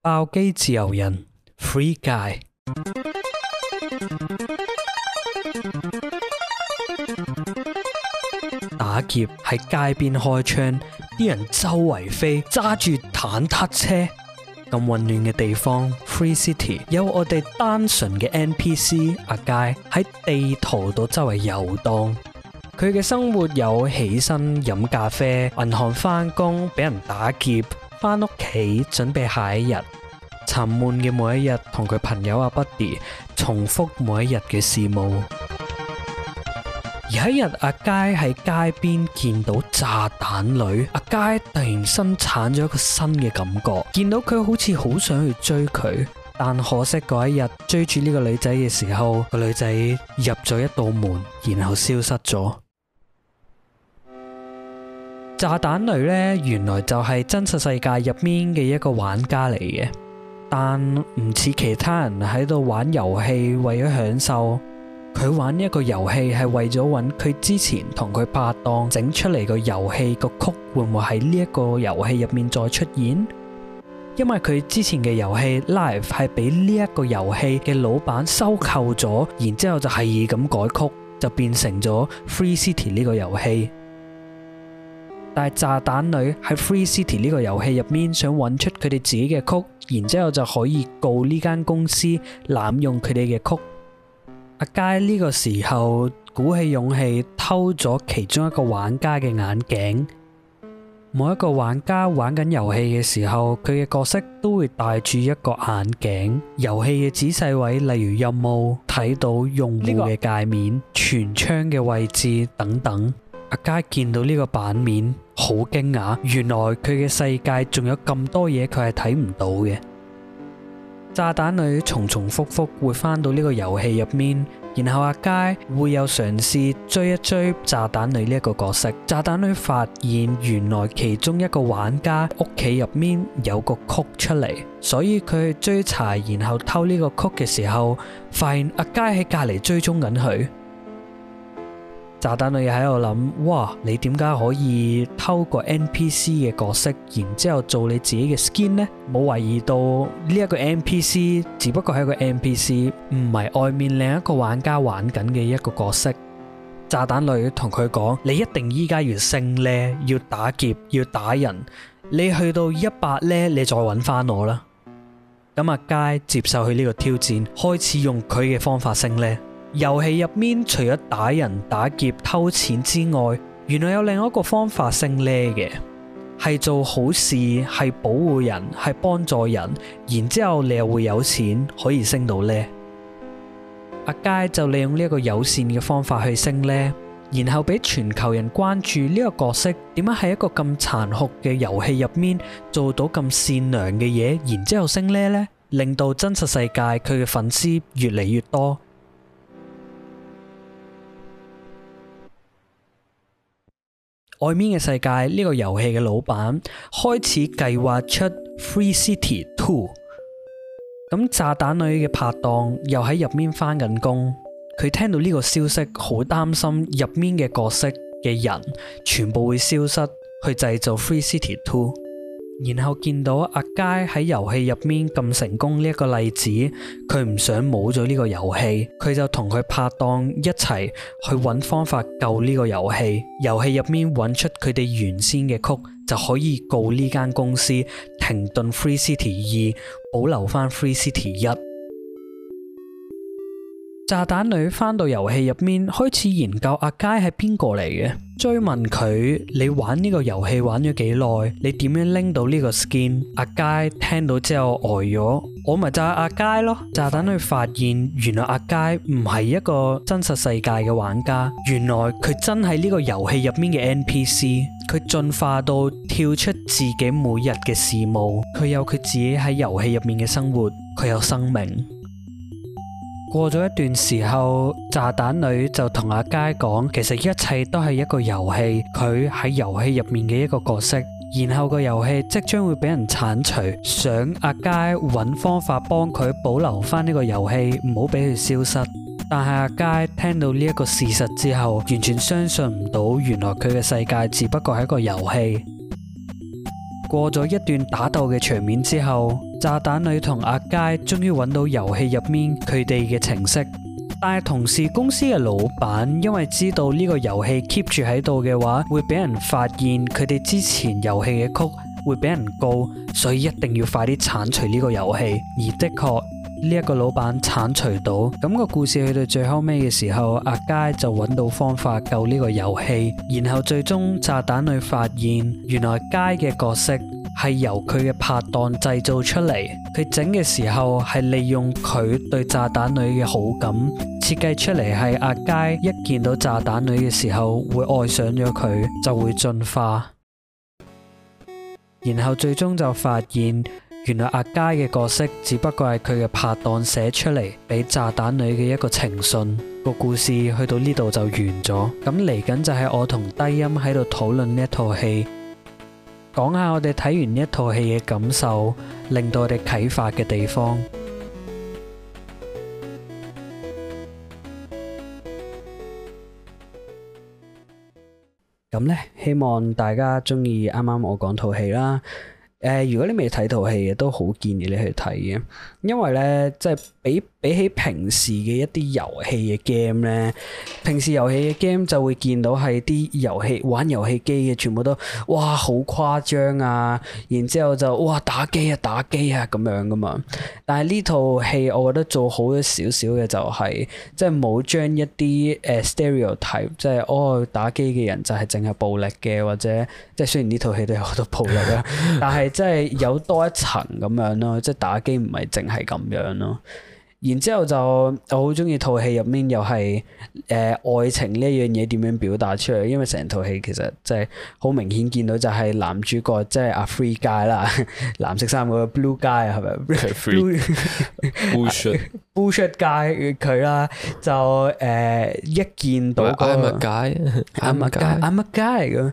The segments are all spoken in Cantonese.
爆機自由仁，Free Guy，打劫喺街邊開槍，啲人周圍飛，揸住坦克車，咁混亂嘅地方，Free City 有我哋單純嘅 NPC 阿佳喺地圖度周圍遊蕩，佢嘅生活有起身飲咖啡、銀行翻工、俾人打劫。翻屋企準備下一日沉悶嘅每一日，同佢朋友阿 Buddy 重複每一日嘅事務。 有一日阿佳喺街邊見到炸彈女，阿佳突然生產咗一個新嘅感覺，見到佢好似好想去追佢，但可惜嗰一日追住呢個女仔嘅時候，個女仔入咗一道門，然後消失咗。炸彈女呢，原來就係真實世界入面嘅一個玩家嚟嘅，但唔似其他人喺度玩遊戲為咗享受，佢玩呢一個遊戲係為咗搵佢之前同佢拍檔整出嚟，這個、個遊戲個曲會唔會喺呢一個遊戲入面再出現？因為佢之前嘅遊戲 Live 係俾呢一個遊戲嘅老闆收購咗，然之後就係咁改曲，就變成咗 Free City 呢個遊戲。但炸彈女喺 Free City 呢個遊戲入面，想揾出佢哋自己嘅 code，然之後就可以告呢間公司濫用佢哋嘅 code。阿佳，呢個時候鼓起勇氣偷咗其中一個玩家嘅眼鏡。每一個玩家玩緊遊戲嘅時候，佢嘅角色都會戴住一個眼鏡。遊戲嘅仔細位，例如任務睇到用戶嘅界面，全槍嘅位置等等。阿佳見到呢個版面好驚訝，原來佢嘅世界仲有咁多嘢佢係睇唔到嘅。炸彈女重重複複會翻到呢個遊戲入面，然後阿佳會有嘗試追一追炸彈女呢一個角色。炸彈女發現原來其中一個玩家屋企入面有個曲出嚟，所以佢去追查然後偷呢個曲嘅時候，發現阿佳喺隔籬追蹤緊佢。炸彈女喺度諗：哇，你點解可以偷個 N P C 嘅角色，然之後做你自己嘅 skin 呢？冇懷疑到呢、這個、一個 N P C 只不過係一個 N P C，唔係外面另一個玩家玩緊嘅一個角色。炸彈女同佢講：你一定依家要升呢，要打劫，要打人，你去到一百呢，你再搵翻我啦。咁阿佳接受佢呢個挑戰，開始用佢嘅方法升呢。遊戲入面除咗打人、打劫、偷錢之外，原來有另一個方法升呢嘅，係做好事，係保護人，係幫助人，然之後你又會有錢可以升到呢。阿佳就利用呢一個友善嘅方法去升呢，然後俾全球人關注呢個角色點解喺一個咁殘酷嘅遊戲入面做到咁善良嘅嘢，然之後升呢呢，令到真實世界佢嘅粉絲越嚟越多。外面嘅世界，呢個遊戲嘅老闆開始計劃出《Free City Two》。咁炸彈女嘅拍檔又喺入面返緊工，佢聽到呢個消息，好擔心入面嘅角色嘅人全部會消失，去製造《Free City Two》。然後見到阿佳喺遊戲入面咁成功呢一個例子，佢唔想冇咗呢個遊戲，佢就同佢拍檔一齊去揾方法救呢個遊戲。遊戲入面揾出佢哋原先嘅曲，就可以告呢間公司停頓 Free City 二，保留返 Free City 一。.炸彈女返到遊戲入面，開始研究阿佳係邊個嚟嘅，追問佢：你玩呢個遊戲玩咗幾耐？你點樣拎到呢個 skin？阿佳聽到之後呆咗，我咪就係阿佳咯。炸彈女發現，原來阿佳唔係一個真實世界嘅玩家，原來佢真係呢個遊戲入面嘅 NPC，佢進化到跳出自己每日嘅事務，佢有佢自己喺遊戲入面嘅生活，佢有生命。過咗一段時候，炸彈女就同阿佳講，其實一切都係一個遊戲，佢喺遊戲入面嘅一個角色。然後個遊戲即將會俾人鏟除，想阿佳揾方法幫佢保留翻呢個遊戲，唔好俾佢消失。但係阿佳聽到呢一個事實之後，完全相信唔到，原來佢嘅世界只不過係一個遊戲。過咗一段打鬥嘅場面之後。炸彈女同阿佳終於揾到遊戲入面佢哋嘅程式，但係同時公司嘅老闆因為知道呢個遊戲 keep 住喺度嘅話會俾人發現佢哋之前遊戲嘅曲會俾人告，所以一定要快啲剷除呢個遊戲。而的確呢一個老闆剷除到，咁個故事去到最後尾嘅時候，阿佳就揾到方法救呢個遊戲，然後最終炸彈女發現原來佳嘅角色。係由佢嘅拍檔製造出嚟，佢整嘅時候係利用佢對炸彈女嘅好感設計出嚟，係阿佳一見到炸彈女嘅時候會愛上咗佢就會進化，然後最終就發現原來阿佳嘅角色只不過係佢嘅拍檔寫出嚟俾炸彈女嘅一個情信。個故事去到呢度就完咗，咁嚟緊就係我同低音喺度討論呢一套戲。講下我哋睇完呢一套戲嘅感受，令到我哋啟發嘅地方。咁呢，希望大家中意啱啱我講套戲啦。誒、呃，如果你未睇套戲嘅，都好建議你去睇嘅，因為呢，即係。比比起平時嘅一啲遊戲嘅 game 咧，平時遊戲嘅 game 就會見到係啲遊戲玩遊戲機嘅全部都哇好誇張啊！然之後就哇打機啊打機啊咁樣㗎嘛。但係呢套戲我覺得做好咗少少嘅就係、是，即係冇將一啲誒、uh, stereotype，即係哦打機嘅人就係淨係暴力嘅，或者即係雖然呢套戲都有好多暴力啊， 但係即係有多一層咁樣咯，即係打機唔係淨係咁樣咯。然之後就我好中意套戲入面又係誒愛情呢樣嘢點樣表達出嚟，因為成套戲其實就係好明顯見到就係男主角即係阿 Free Guy 啦，藍色衫嗰個 Blue Guy 係咪？Blue Shirt Shirt Guy 佢啦，就誒一見到 I'm a guy，I'm a guy，I'm a guy 咁。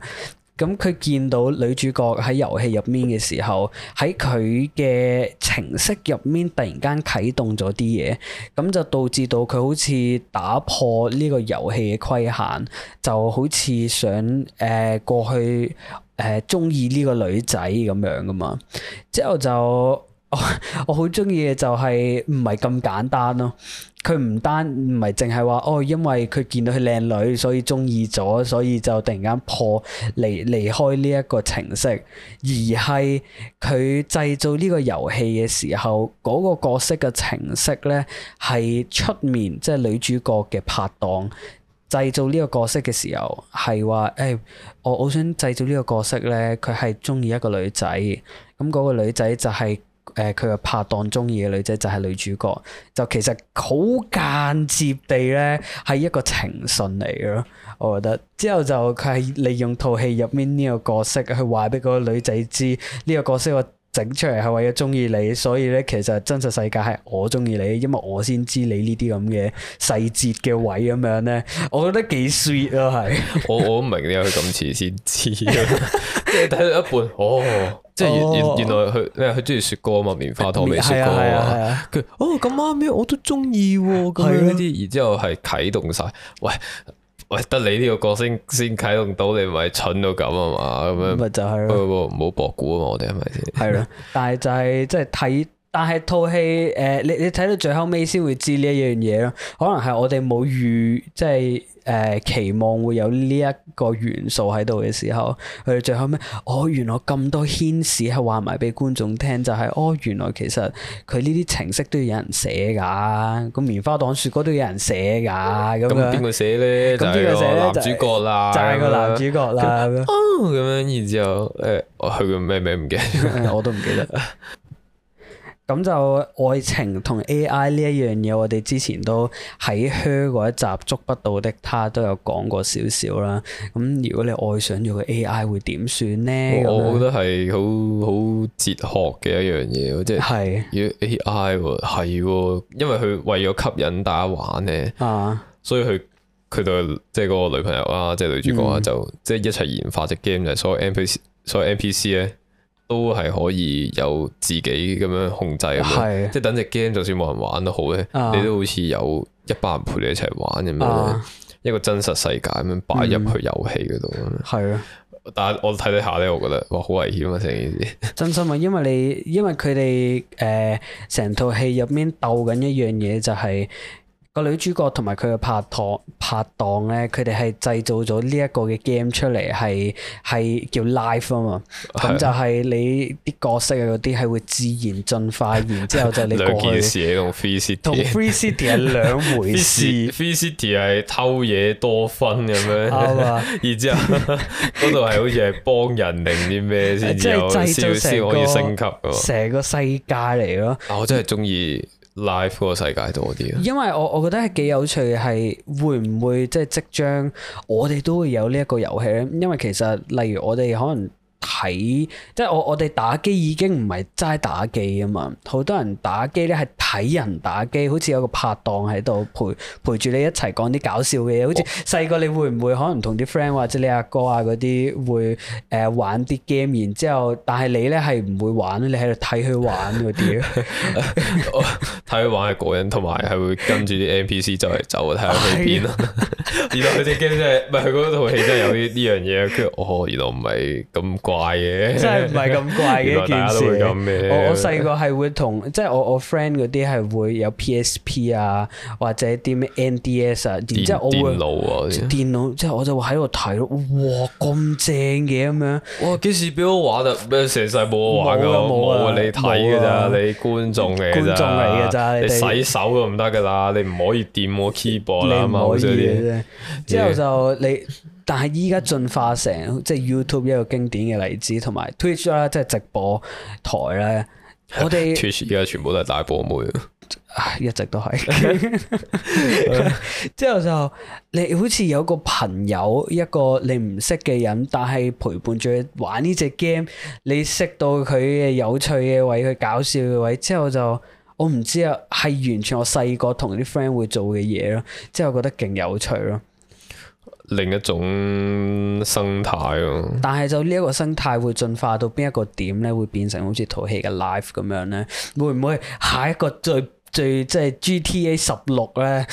咁佢見到女主角喺遊戲入面嘅時候，喺佢嘅程式入面突然間啟動咗啲嘢，咁就導致到佢好似打破呢個遊戲嘅規限，就好似想誒、呃、過去誒鍾意呢個女仔咁樣㗎嘛，之後就。Oh, 我好中意嘅就係唔係咁簡單咯、啊，佢唔單唔係淨係話哦，oh, 因為佢見到佢靚女所以中意咗，所以就突然間破離離開呢一個程式。而係佢製造呢個遊戲嘅時候嗰、那個角色嘅程式咧係出面即係、就是、女主角嘅拍檔製造呢個角色嘅時候係話誒我我想製造呢個角色咧佢係中意一個女仔咁嗰個女仔就係、是。誒，佢個拍檔中意嘅女仔就係女主角，就其實好間接地咧係一個情信嚟嘅咯，我覺得。之後就佢係利用套戲入面呢個角色去話俾嗰個女仔知，呢個角色我整出嚟係為咗中意你，所以咧其實真實世界係我中意你，因為我先知你呢啲咁嘅細節嘅位咁樣咧，我覺得幾 sweet 咯、啊，係。 我我都唔明點解佢咁遲先知。 睇到一半，哦， 即 係樂、嗯就是、原原 原來佢咩？佢中意雪糕啊嘛，棉花糖未雪歌、哦、啊，佢哦咁啱咩？我都中意咁樣呢啲，然 之後係啟動晒，喂喂，得你呢個角色先先啟動到，你咪蠢到咁啊嘛，咁樣咪就係，唔好博古啊嘛，我哋係咪先？係 啦樂 但係就係即係睇。就是但係套戲，誒、呃，你你睇到最後尾先會知呢一樣嘢咯。可能係我哋冇預，即係誒、呃、期望會有呢一個元素喺度嘅時候，佢哋最後尾，哦，原來咁多牽線係話埋俾觀眾聽，就係、是，哦，原來其實佢呢啲程式都要有人寫㗎，咁棉花糖雪糕都有人寫㗎，咁樣。咁邊個寫咧？邊個寫咧？就係、是、個男主角啦，就係、是、個男主角啦。角啦樣哦，咁樣，然之後，誒、欸，佢個咩咩唔記得、嗯？我都唔記得。 咁就愛情同 AI 呢一樣嘢，我哋之前都喺 share 嗰一集《觸不到的她》都有講過少少啦。咁如果你愛上咗個 AI 會點算呢？我覺得係好好哲學嘅一樣嘢，即係是如果 AI 喎係喎，因為佢為咗吸引大家玩咧，啊、所以佢佢對即係個女朋友啊，即、就、係、是、女主角啊，嗯、就即係一齊研發隻 game 嚟，所謂 NPC 所以 NPC 咧。都係可以有自己咁樣控制咁的，即係等隻 game 就算冇人玩都好咧，啊、你都好似有一班人陪你一齊玩咁樣，啊、一個真實世界咁樣擺入去遊戲嗰度。係啊、嗯，但係我睇睇下咧，我覺得哇，好危險啊！成件事，真心啊，因為你因為佢哋誒成套戲入面鬥緊一樣嘢就係、是。個女主角同埋佢嘅拍檔拍檔咧，佢哋係製造咗呢一個嘅 game 出嚟，係係叫 Life 啊嘛。咁的就係你啲角色啊嗰啲係會自然進化，然之後就你兩件事同 Free City 同 Free City 係兩回事。Free City 係偷嘢多分咁樣，然之後嗰度係好似係幫人定啲咩先，之後先可以升級。成個世界嚟咯，我真係中意。live 嗰個世界多啲，因為我我覺得係幾有趣嘅，係會唔會即係即將我哋都會有呢一個遊戲咧？因為其實例如我哋可能。睇，即係我我哋打機已經唔係齋打機啊嘛，好多人打機咧係睇人打機，好似有個拍檔喺度陪陪住你一齊講啲搞笑嘅嘢。好似細個你會唔會可能同啲 friend 或者你阿哥啊嗰啲會誒、呃、玩啲 game，然之後但係你咧係唔會玩，你喺度睇佢玩嗰啲 。睇佢玩係個人，同埋係會跟住啲 NPC 就嚟，走，睇下戲片咯。原來佢隻 game 真係咪佢嗰套戲真係有呢呢樣嘢？跟住我，原來唔係咁。怪嘅，真係唔係咁怪嘅一件事。我我細個係會同，即係我我 friend 嗰啲係會有 PSP 啊，或者啲咩 NDS 啊，電然之後我會電腦啊，電腦之後我就會喺度睇咯，哇咁正嘅咁樣，哇幾時俾我玩就俾成世冇我玩噶，冇啊你睇噶咋，你，你，你觀眾嚟。觀眾嚟噶咋，你洗手都唔得噶啦，你唔可以掂我 keyboard 啦嘛你可以，之後就你。 但係依家進化成即係、就是、YouTube 一個經典嘅例子，同埋 Twitch 啦，即係直播台咧。我哋而家全部都係大波妹，一直都係。之後就你好似有個朋友，一個你唔識嘅人，但係陪伴住玩呢隻 game，你識到佢嘅有趣嘅位，佢搞笑嘅位，之後就我唔知啊，係完全我細個同啲 friend 會做嘅嘢咯。之後覺得勁有趣咯。另一種生態咯、啊，但係就呢一個生態會進化到邊一個點咧，會變成好似套戲嘅 life 咁樣咧，會唔會下一個最？最即係 GTA 十六咧，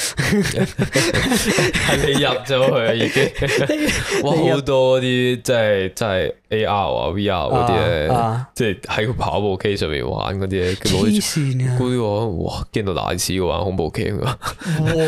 係 你入咗去啊已經哇，哇好多啲即係即係 AR VR 啊 VR 嗰啲咧，即係喺個跑步機上面玩嗰啲，黐線啊！哇，驚到瀨屎喎玩恐怖 game 喎哇，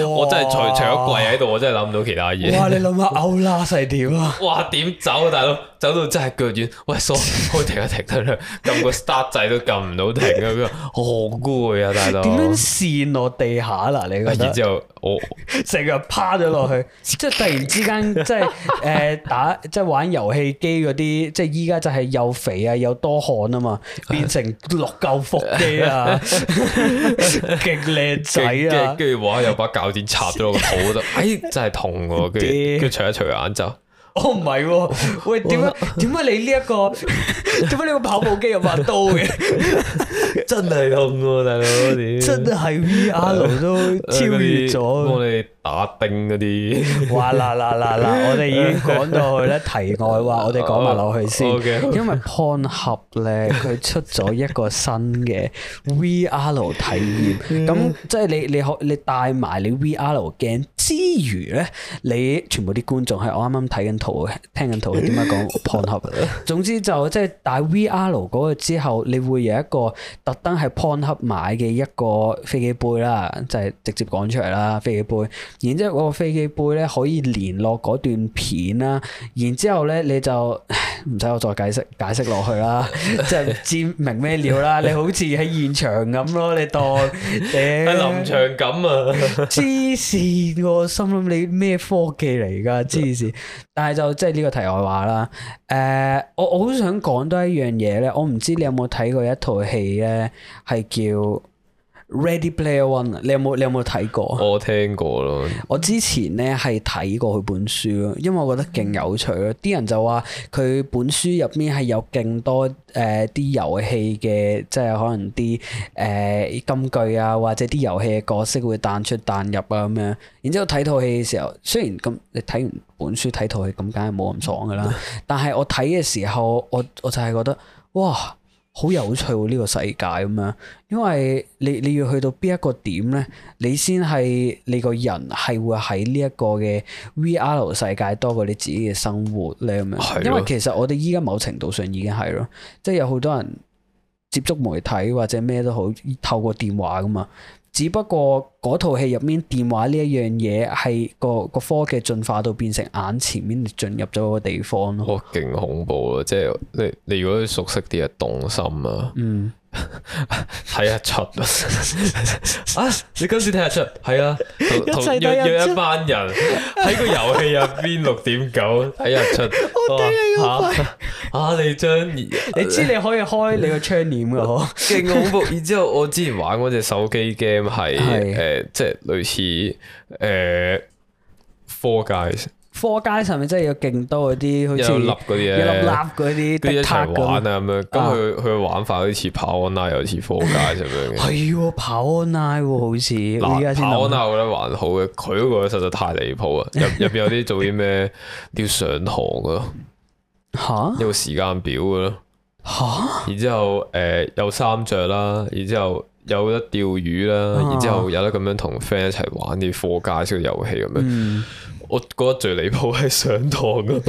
我真係除除咗跪喺度，我真係諗唔到其他嘢。哇！你諗下嘔啦，細點啊？哇！點走啊，大佬？走到真係腳軟，喂，所可以停一停得啦，撳個 start 掣都撳唔到停啊，好攰啊，大佬。跣落地下啦！你覺得？然之後，我成日 趴咗落去， 即係突然之間，即係誒、呃、打，即係玩遊戲機嗰啲，即係依家就係又肥啊，又多汗啊嘛，變成六嚿腹肌啊，極靚仔啊！跟住哇，有把鉸剪插咗落個肚度， 哎，真係痛喎、啊！跟住跟住，除一除眼罩。我唔係喎，喂點解？點解哇你呢、這、一個？點解 你個跑步機有把刀嘅？ 真係痛喎、啊，大佬！啊、真係 VR 都超越咗。哎哎 打丁嗰啲，哇啦啦啦啦！啦啦 我哋已經講到去咧題外話，我哋講埋落去先，oh, okay. 因為 Pornhub 咧佢出咗一個新嘅 VR 體驗。咁 即係你你可你帶埋你 VR 鏡之餘咧，你全部啲觀眾係我啱啱睇緊圖嘅，聽緊圖點解講 Pornhub 總之就即係帶 VR 嗰個之後，你會有一個特登係 Pornhub 買嘅一個飛機杯啦，就係、是、直接講出嚟啦，飛機杯。然之後嗰個飛機杯咧可以聯絡嗰段片啦，然之後咧你就唔使我再解釋解釋落去啦，即係 知明咩料啦。 你好似喺現場咁咯，你當係臨、 呃、場感啊！黐線，我心諗你咩科技嚟噶黐線？但係就即係呢個題外話啦。誒、呃，我我好想講多一樣嘢咧，我唔知你有冇睇過一套戲咧，係叫。Ready Player One，你有冇你有冇睇過？我聽過咯。我之前咧係睇過佢本書咯，因為我覺得勁有趣咯。啲人就話佢本書入面係有勁多誒啲遊戲嘅，即係可能啲誒金句啊，或者啲遊戲嘅角色會彈出彈入啊咁樣。然之後睇套戲嘅時候，雖然咁你睇完本書睇套戲咁，梗係冇咁爽噶啦。 但係我睇嘅時候，我我就係覺得哇！好有趣喎，呢個世界咁樣，因為你你要去到邊一個點咧？你先係你個人係會喺呢一個嘅 VR 世界多過你自己嘅生活咧咁樣。係。因為其實我哋依家某程度上已經係咯，即係有好多人接觸媒體或者咩都好，透過電話噶嘛。只不過嗰套戲入面電話呢一樣嘢係個個科技進化到變成眼前面進入咗個地方咯，哇，勁恐怖咯，即係你你如果熟悉啲嘅動心啊。嗯。睇日 看一出 啊！你今次睇日出係啊，同約約一班人喺個遊戲入邊六點九睇日出，吓、啊、吓你將你知你可以開你個窗簾噶嗬，勁恐怖！ 然之後我之前玩嗰隻手機 game 係誒，即係類似誒、呃、，Free Guy。貨架上面真係有勁多嗰啲，好似一粒嗰啲，一粒粒嗰啲，一齊玩啊咁樣。咁佢佢玩法好似跑 online，又似貨架咁樣嘅。係喎，跑 online 好似。嗱，跑 online 我覺得還好嘅，佢嗰個實在太離譜啊！入入邊有啲做啲咩要上堂啊？吓？有個時間表噶咯？吓？然之後誒有三隻啦，然之後有得釣魚啦，然之後有得咁樣同 friend 一齊玩啲貨架式嘅遊戲咁樣。我覺得最離譜係上堂 啊！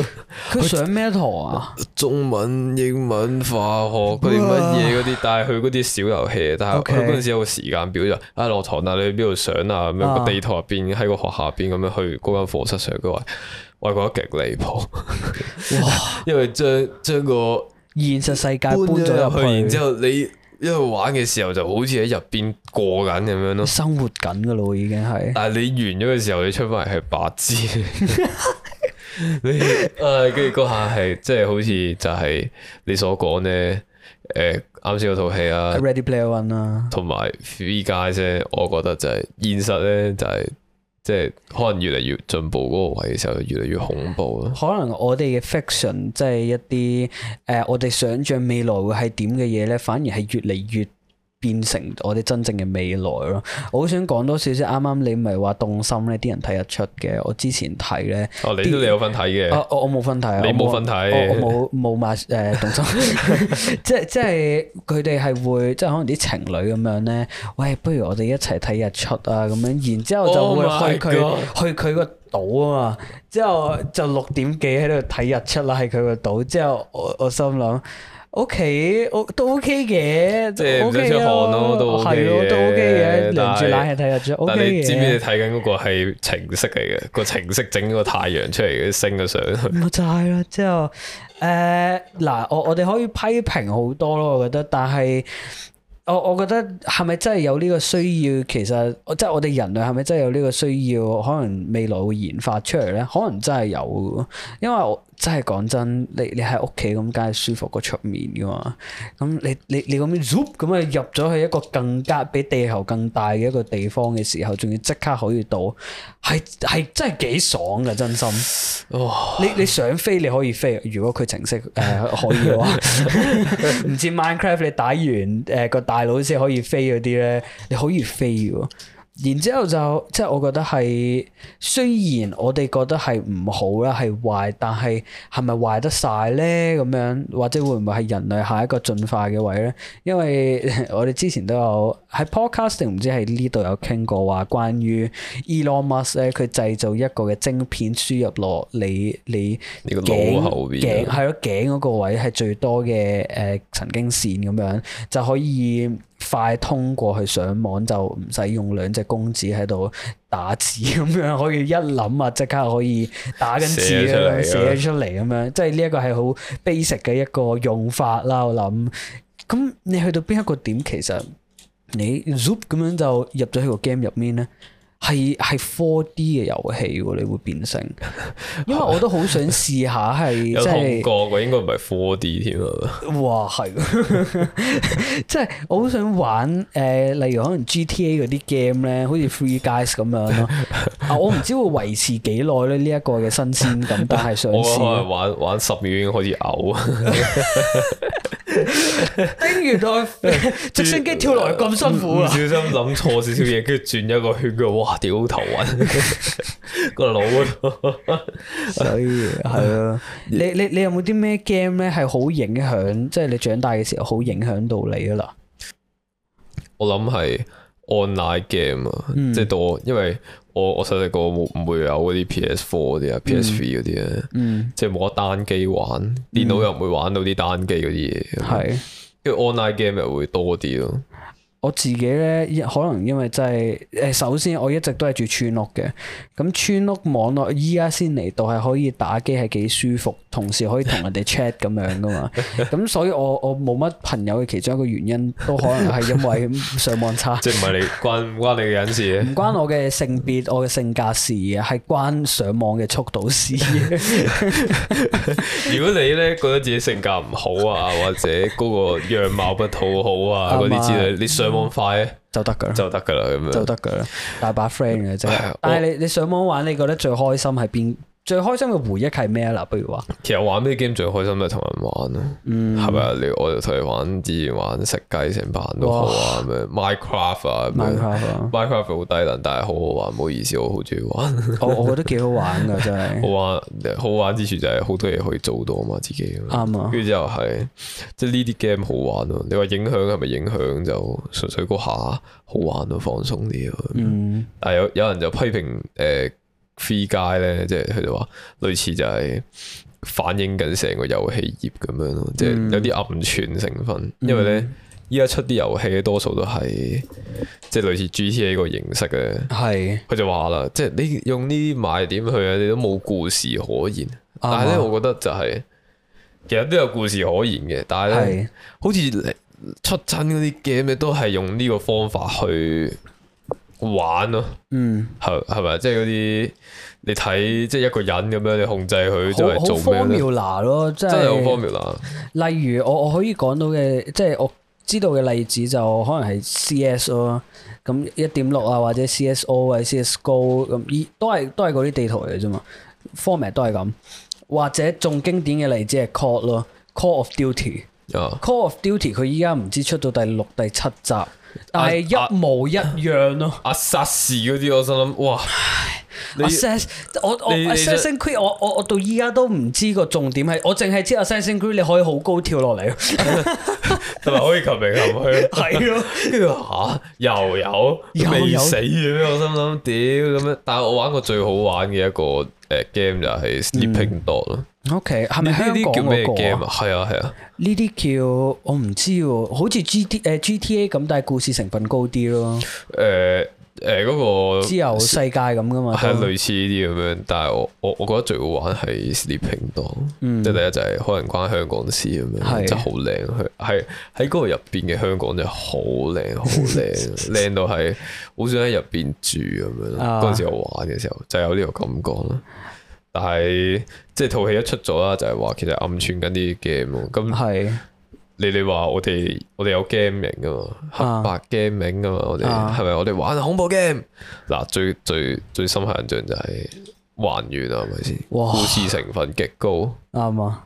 佢上咩堂啊？中文、英文、化學嗰啲乜嘢嗰啲，但係佢嗰啲小遊戲但係佢嗰陣時有個時間表就啊落堂啊，哎、但你去邊度上啊？咁樣，個地圖入邊，喺個學校入邊咁樣去嗰間課室上。佢話我覺得極離譜， 哇！因為將將個現實世界搬咗入去，去，然後之後你，一路玩嘅時候就好似喺入邊過緊咁樣咯，生活緊噶咯，已經係。但係你完咗嘅時候，你出翻嚟係白痴。你誒，跟住嗰下係即係好似就係你所講呢，誒啱先嗰套戲啊，Ready Player One 啊，同埋 Free Guy 啫，我覺得就係現實咧就係、是。即係可能越嚟越進步嗰個位嘅時候，越嚟越恐怖咯。可能我哋嘅 fiction，即係一啲誒、呃、我哋想象未來會係點嘅嘢咧，反而係越嚟越～變成我哋真正嘅未來咯，我好想講多少少。啱啱你咪係話動心呢啲人睇日出嘅。我之前睇咧，哦，你都你有份睇嘅。啊，我我冇份睇，我冇份睇。我冇冇買誒動心， 即係即係佢哋係會，即係可能啲情侶咁樣咧。喂，不如我哋一齊睇日出啊！咁樣，然之後就會去佢、oh、去佢個島啊嘛。之後就六點幾喺度睇日出啦，喺佢個島。之後我我心諗。O K，O 都 O K 嘅，即係唔使出汗咯，都 O K 嘅。但住冷氣睇下，但你知唔知你睇緊嗰個係程式嚟嘅？個程式整個太陽出嚟嘅升咗上去。就係啦，之後誒嗱，我我哋可以批評好多咯，我覺得。但係我我覺得係咪真係有呢個需要？其實即係我哋人類係咪真係有呢個需要？可能未來會研發出嚟咧，可能真係有。因為我。真係講真，你你喺屋企咁梗係舒服過出面噶嘛？咁你你你咁樣咁啊入咗去一個更加比地球更大嘅一個地方嘅時候，仲要即刻可以到，係係真係幾爽噶真心。噢你你想飛你可以飛，如果佢程式誒、呃、可以嘅話，唔似 Minecraft 你打完誒、呃、個大佬先可以飛嗰啲咧，你可以飛噶。然之後就即係我覺得係雖然我哋覺得係唔好啦係壞，但係係咪壞得晒咧咁樣？或者會唔會係人類下一個進化嘅位咧？因為我哋之前都有喺 Podcast 定唔知係呢度有傾過話，關於 Elon Musk 咧，佢製造一個嘅晶片輸入落你你頸後面頸係咯頸嗰個位係最多嘅誒、呃、神經線咁樣就可以。快通過去上網，就唔使用兩隻公子喺度打字咁樣，可以一諗啊，即刻可以打緊字啊，寫出嚟咁樣，即係呢一個係好 basic 嘅一個用法啦。我諗，咁你去到邊一個點，其實你 zoom 咁樣就入咗去個 game 入面咧。係係 four D 嘅遊戲，你會變成。因為我都好想試下係 即係。我應該唔係 four D 添啊！哇，係！即係我好想玩誒、呃，例如可能 GTA 嗰啲 game 咧，好似 Free Guys 咁樣咯。 啊，我唔知會維持幾耐咧呢一、這個嘅新鮮感，但係想試。我 玩玩十秒已經可以嘔啊！ 頂住佢直升機跳落嚟咁辛苦啊！唔小心諗錯少少嘢，跟住 轉一個圈嘅，哇！屌頭暈，個腦度，所以係啊，你你你有冇啲咩 game 咧係好影響，即係你長大嘅時候好影響到你啊啦？我諗係 online game 啊、嗯，即係到因為。我我細細個唔會有嗰啲 PS4 啲啊，PS3 嗰啲啊，嗯、即係冇得單機玩，電腦、嗯、又唔會玩到啲單機嗰啲嘢，叫 online game 又會多啲咯。我自己咧，可能因為真係誒，首先我一直都係住村屋嘅，咁村屋網絡依家先嚟到係可以打機係幾舒服，同時可以同人哋 chat 咁樣噶嘛，咁 所以我我冇乜朋友嘅其中一個原因，都可能係因為上網差。 即唔係你關唔關你嘅隱私啊？唔關我嘅性別，我嘅性格事嘅，係關上網嘅速度事嘅。 如果你咧覺得自己性格唔好啊，或者嗰個樣貌不討好啊嗰啲之類，你上咁快就得噶啦，就得噶啦，咁樣，就得噶啦，大把 friend 嘅啫。呦但係你你上網玩，你覺得最開心喺邊？最開心嘅回憶係咩啊？嗱，不如話，其實玩咩 game 最開心就同人玩咯，嗯，係咪啊？你我就同你玩之前玩食雞成班都好玩哇麼 Minecraft 啊，Minecraft，Minecraft 好低能，但係好好玩。唔好意思，我好中意玩。我 我覺得幾好玩噶，真係 好玩，好玩之處就係好多嘢可以做到啊嘛，自己。啱跟住之後係，即係呢啲 game 好玩咯、啊。你話影響係咪影響就純粹嗰下好玩咯、啊，放鬆啲咯。嗯。但係有有人就批評誒。呃 free Guy 咧，即係佢就話類似就係反映緊成個遊戲業咁樣咯，嗯、即係有啲暗存成分。因為咧，依家、嗯、出啲遊戲咧，多數都係即係類似 GTA 個形式嘅。係佢是就話啦，即係你用呢啲賣點去、啊，你都冇故事可言。啊、但係咧，啊、我覺得就係、是、其實都有故事可言嘅。但係咧，是好似出親嗰啲 game，你都係用呢個方法去。玩咯、啊，嗯，係係咪？即係嗰啲你睇，即係一個人咁樣，你控制佢就係做咩咧？真係好 formula 啦！formula 例如我我可以講到嘅，即係我知道嘅例子就可能係 C S 咯，咁一點六啊或者 C S O 或者 C S Go 咁，依都係都係嗰啲地圖嚟啫嘛，format 都係咁。或者仲經典嘅例子係 Call 咯，Call of Duty，Call、啊、of Duty 佢依家唔知出到第六、第七集。但係一模一樣咯。阿 s s 嗰啲，我心諗哇 a s s 我我 s 我我到依家都唔知個重點係，我淨係知阿 s s 你可以好高跳落嚟，同埋可以擒嚟擒去。係咯，又有，又未死嘅咩？我心諗屌咁樣。但係我玩過最好玩嘅一個誒 game 就係 Sleeping Dog 咯。OK，企係咪香港嘅那 game 個啊？係啊係啊。呢啲啊、叫我唔知喎，好似 G T 誒、呃、G T A 咁，但係故事成分高啲咯。誒誒、呃、嗰呃那個自由世界咁噶嘛？係、啊、類似呢啲咁樣，但係我我我覺得最好玩係、嗯《Sleeping Dogs》，即係第一就係可能關香港事咁樣，啊、真係好靚。佢係喺嗰個入邊嘅香港就好靚，好靚，靚到係好想喺入邊住咁樣。嗰陣啊、時我玩嘅時候就有呢個感覺啦。但係即係套戲一出咗啦，就係、是、話其實暗串緊啲 game 咯。咁你你話我哋我哋有 gaming 噶嘛，啊、黑白 gaming 噶嘛，我哋係咪？啊、是是我哋玩恐怖 game 嗱、啊，最最最深刻印象就係還原啊，係咪先？故事成分極高，啱啊！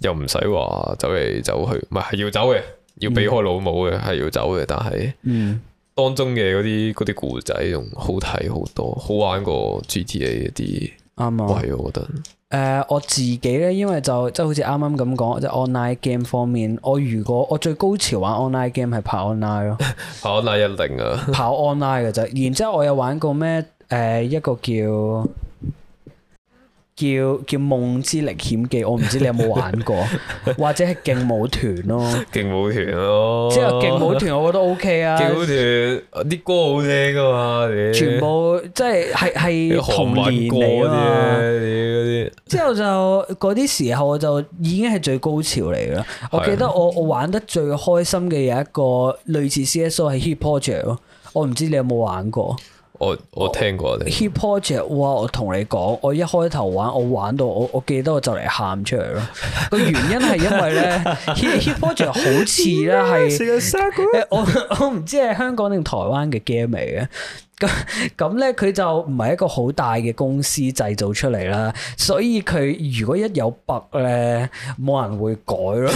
又唔使話走嚟走去，唔係係要走嘅，要避開老母嘅，係、嗯、要走嘅。但係當中嘅嗰啲嗰啲故仔仲好睇好多，好玩過 GTA 一啲。啱啊，係啊、哦，我覺得，誒，uh, 我自己咧，因為就即係好似啱啱咁講，即係 online game 方面，我如果我最高潮玩 online game 係跑 online 咯， 跑 online 一定啊， 跑 online 嘅啫，然之後我有玩過咩？誒、呃，一個叫。叫叫夢之歷險記，我唔知你有冇玩過， 或者係勁舞團咯。勁舞團咯、啊。之後勁舞團我覺得 O K 啊。勁舞團啲歌好聽噶嘛？全部即係係係童年嚟啊！嗰啲之後就嗰啲時候，我就已經係最高潮嚟啦。的我記得我我玩得最開心嘅有一個類似 C S O 係 Hip Project，我唔知你有冇玩過。我我聽過你，Hip Project，哇！我同你講，我一開頭玩，我玩到我我記得我就嚟喊出嚟咯。個 原因係因為咧 ，Hip Hip Project 好似咧係， 我我唔知係香港定台灣嘅 game 嚟嘅。咁咁咧，佢就唔係一個好大嘅公司製造出嚟啦，所以佢如果一有 bug 咧，冇人會改咯。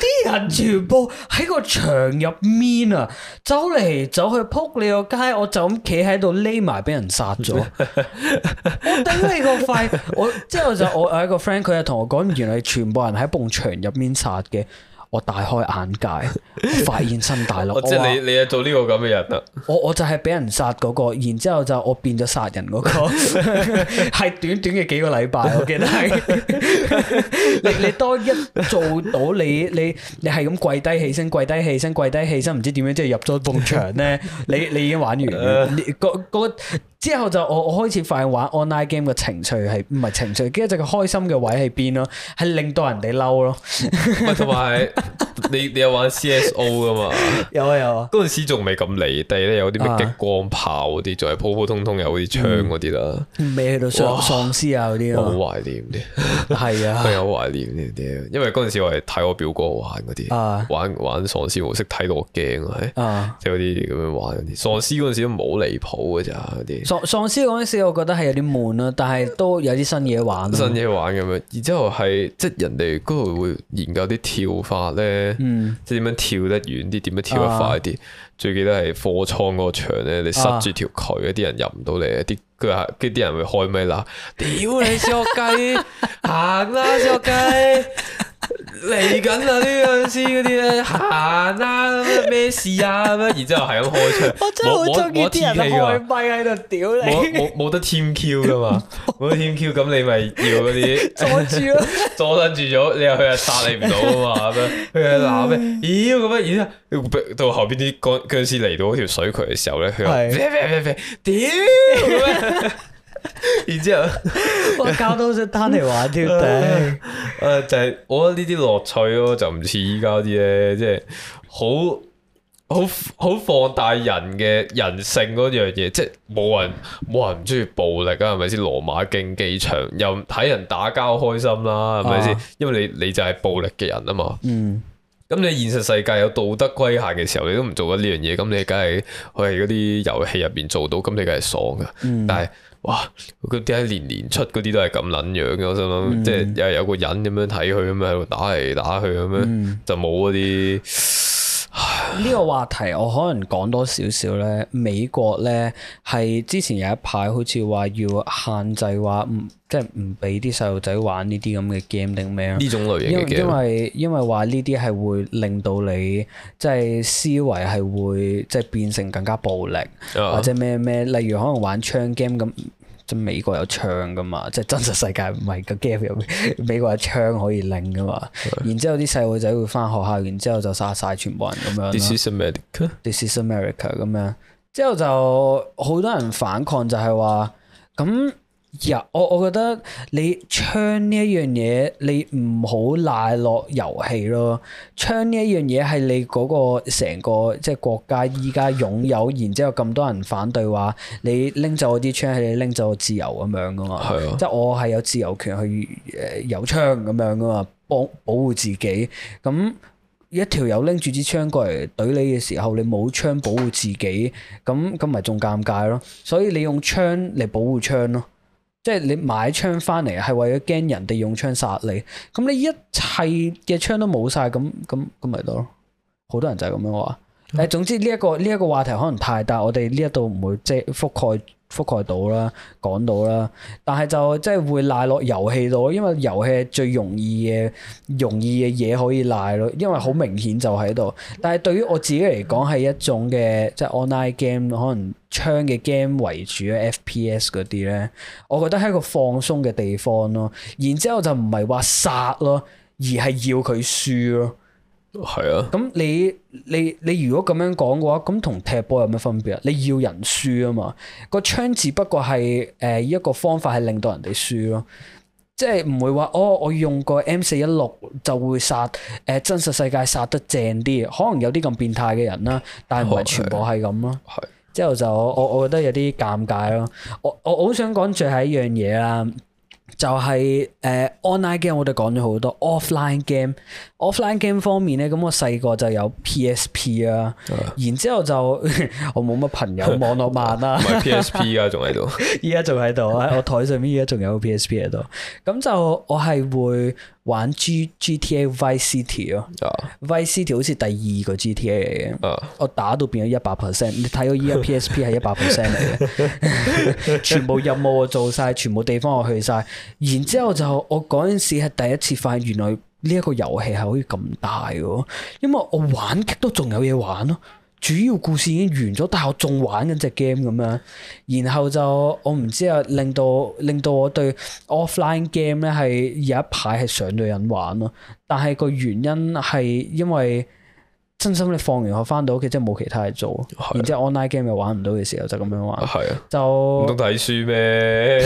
啲 人全部喺個牆入面啊，走嚟走去撲你個街，我就咁企喺度匿埋，俾人殺咗。我頂你個肺！我之後就我有一個 friend，佢又同我講，原來全部人喺埲牆入面殺嘅。我大開眼界，發現新大陸。即係你，說你係做呢個咁嘅人啦。我我就係俾人殺嗰、那個，然之後就我變咗殺人嗰、那個，係 短短嘅幾個禮拜，我記得係。 你你當一做到你你你係咁跪低起身，跪低起身，跪低起身，唔知點樣即係入咗埲牆咧？你你已經玩完， 你那個個。之後就我我開始發現玩 online game 嘅情趣係唔係情趣，跟住就個開心嘅位喺邊咯，係令到人哋嬲咯，同 埋你你有玩 CSO 噶嘛有、啊？有啊有啊，嗰陣時仲未咁離地咧有啲咩激光炮嗰啲，仲係、啊、普普通通有啲槍嗰啲啦，未去、嗯嗯、到喪喪屍啊嗰啲，我好懷念啲，係啊，有懷念啲、 啊、因為嗰陣時我係睇我表哥玩嗰啲、啊，玩玩喪屍模式睇到我驚即係嗰啲咁樣玩，喪屍嗰陣時都唔好離譜噶咋啲。喪喪屍嗰陣時，我覺得係有啲悶啦，但係都有啲新嘢玩。新嘢玩咁樣，然之後係即係人哋嗰度會研究啲跳法咧，嗯、即係點樣跳得遠啲，點樣跳得快啲。啊、最記得係貨倉嗰個場咧，你塞住條渠，啲人入唔到嚟，啲佢啲人會開咪啦。 屌你小學雞， 行啦小學雞。 嚟緊啊，啲僵屍嗰啲咧，行啦，咩事啊？咁樣，然之後係咁開槍，我我我天啊，開咪喺度屌你，冇冇冇得添 q 噶嘛，冇得添 q，咁你咪要嗰啲阻住咯，阻身住咗，你又佢殺你唔到啊嘛，咁樣佢又鬧咩？咦，咁樣，然之到後邊啲僵僵屍嚟到嗰條水渠嘅時候咧，佢又屌。 然後之後， 我交到隻攤嚟玩跳頂。誒，就係我覺得呢啲樂趣咯，就唔似依家啲咧，即係好好好放大人嘅人性嗰樣嘢，即係冇人冇人唔中意暴力啊，係咪先？羅馬競技場又睇人打交開心啦，係咪先？啊、因為你你就係暴力嘅人啊嘛。嗯。咁你現實世界有道德規限嘅時候，你都唔做緊呢樣嘢，咁你梗係去嗰啲遊戲入邊做到，咁你梗係爽噶。嗯、但係。哇！佢點解年年出嗰啲都係咁撚樣嘅，我想諗，即係又有個人咁樣睇佢咁樣喺度打嚟打去咁樣，嗯、就冇嗰啲。呢、個話題我可能講多少少咧，美國咧係之前有一排好似話要限制話唔即係唔俾啲細路仔玩呢啲咁嘅 game 定咩啊？呢種類型嘅 game，因為因為話呢啲係會令到你即係、就是、思維係會即係、就是、變成更加暴力、uh uh. 或者咩咩，例如可能玩槍 game 咁。即係美國有槍噶嘛，即係真實世界唔係個 game 入面。美國有槍可以拎噶嘛， 然之後啲細路仔會翻學校，然之後就殺晒全部人咁樣。This is America。This is America 咁樣，之後就好多人反抗就，就係話咁。有我，yeah, 我覺得你槍呢一樣嘢，你唔好賴落遊戲咯。槍呢一樣嘢係你嗰個成個即係國家依家擁有，然之後咁多人反對話，你拎走我啲槍係你拎走我自由咁樣㗎嘛？係啊！即係我係有自由權去誒、呃、有槍咁樣㗎嘛，幫保，保護自己。咁一條友拎住支槍過嚟對你嘅時候，你冇槍保護自己，咁咁咪仲尷尬咯？所以你用槍嚟保護槍咯。即係你買槍翻嚟係為咗驚人哋用槍殺你，咁你一切嘅槍都冇晒，咁咁咁咪咯，好多人就係咁樣話。但係總之呢一個呢一個話題可能太大，我哋呢一度唔會即係覆蓋覆蓋到啦，講到啦，但係就即係會賴落遊戲度，因為遊戲係最容易嘅容易嘅嘢可以賴咯，因為好明顯就喺度。但係對於我自己嚟講，係一種嘅即係 online game，可能槍嘅 game 為主，FPS 嗰啲咧，我覺得係一個放鬆嘅地方咯。然之後就唔係話殺咯，而係要佢輸咯。係啊，咁你你你如果咁樣講嘅話，咁同踢波有咩分別啊？你要人輸啊嘛，個槍只不過係誒、呃、一個方法，係令到人哋輸咯，即係唔會話哦，我用個 M 四一六就會殺誒、呃、真實世界殺得正啲，可能有啲咁變態嘅人啦，但係唔係全部係咁咯。係之後就我我覺得有啲尷尬咯，我我好想講最後一樣嘢啊。就係誒 online game，我哋講咗好多 offline game。offline game 方面咧，咁我細個就有 PSP 啊，uh, 然之後就呵呵我冇乜朋友， 網絡慢啦。PSP 啊，仲喺度，依家仲喺度啊！我台上面依家仲有個 PSP 喺度。咁就我係會玩 G GTA Vice City、啊 uh, Vice City 好似第二個 GTA 嚟嘅。Uh, 我打到變咗一百 percent，你睇到依家 PSP 係一百 percent 嚟嘅， 全部任務我做晒，全部地方我去晒。然之後就我嗰陣時係第一次發現，原來呢一個遊戲係可以咁大嘅，因為我玩極都仲有嘢玩咯。主要故事已經完咗，但係我仲玩緊隻 game 咁樣。然後就我唔知啊，令到令到我對 offline game 咧係有一排係上咗癮玩咯。但係個原因係因為。真心你放完學翻到屋企，真係冇其他嘢做，是啊、然之後 online game 又玩唔到嘅時候，就咁樣玩。係是啊就，就唔通睇書咩？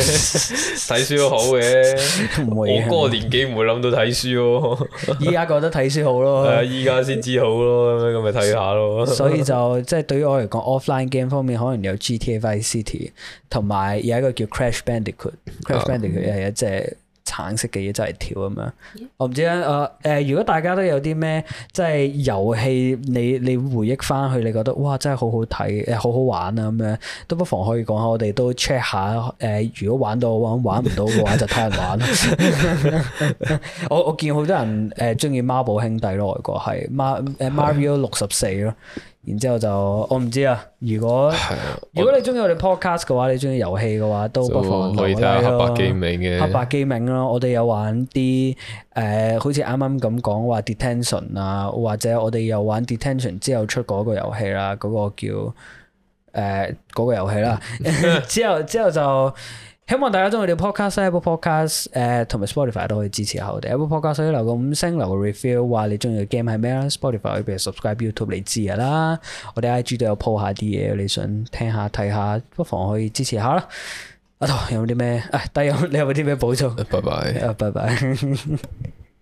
睇 書都好嘅，唔會。我嗰個年紀唔會諗到睇書咯。依家覺得睇書好咯。係啊，依家先知好咯，咁咪睇下咯。所以就即係對於我嚟講，offline game 方面可能有 GTA Vice City 同埋有一個叫 Crash Bandicoot，Crash、啊、Bandicoot 係一隻。橙色嘅嘢真係跳咁樣，我唔 Yeah. 知咧。誒、呃，如果大家都有啲咩，即係遊戲，你你回憶翻去，你覺得哇，真係好好睇，呃，好好玩啊咁樣，都不妨可以講下，我哋都 check 下。誒、呃，如果玩到，玩到玩唔到嘅話，就睇人玩咯。 我我見好多人誒中意 m a r b l 兄弟咯，外國係 Mar 誒 Mario 六十四咯。然之後就我唔知啊，如果的如果你中意我哋 podcast 嘅話，我你中意遊戲嘅話，都不妨討討去睇下黑白機名。嘅黑白機名咯。我哋有玩啲誒、呃，好似啱啱咁講話 detention 啊，或者我哋又玩 detention 之後出嗰個遊戲啦，嗰、嗰個叫誒嗰、呃嗰個遊戲啦， 之後之後就。希望大家中意我哋嘅 Podcast，Apple Podcast，誒、呃，同埋 Spotify 都可以支持下我哋 Apple Podcast，可以留個五星，留個 Review，話你中意嘅 game 係咩啦？Spotify 可以俾個 Subscribe YouTube 你知㗎啦，我哋 IG 都有 po 下啲嘢，你想聽下睇下，不妨可以支持下啦。阿、啊、頭有冇啲咩？誒、啊，低音，你有冇啲咩補充？拜拜，啊，拜拜。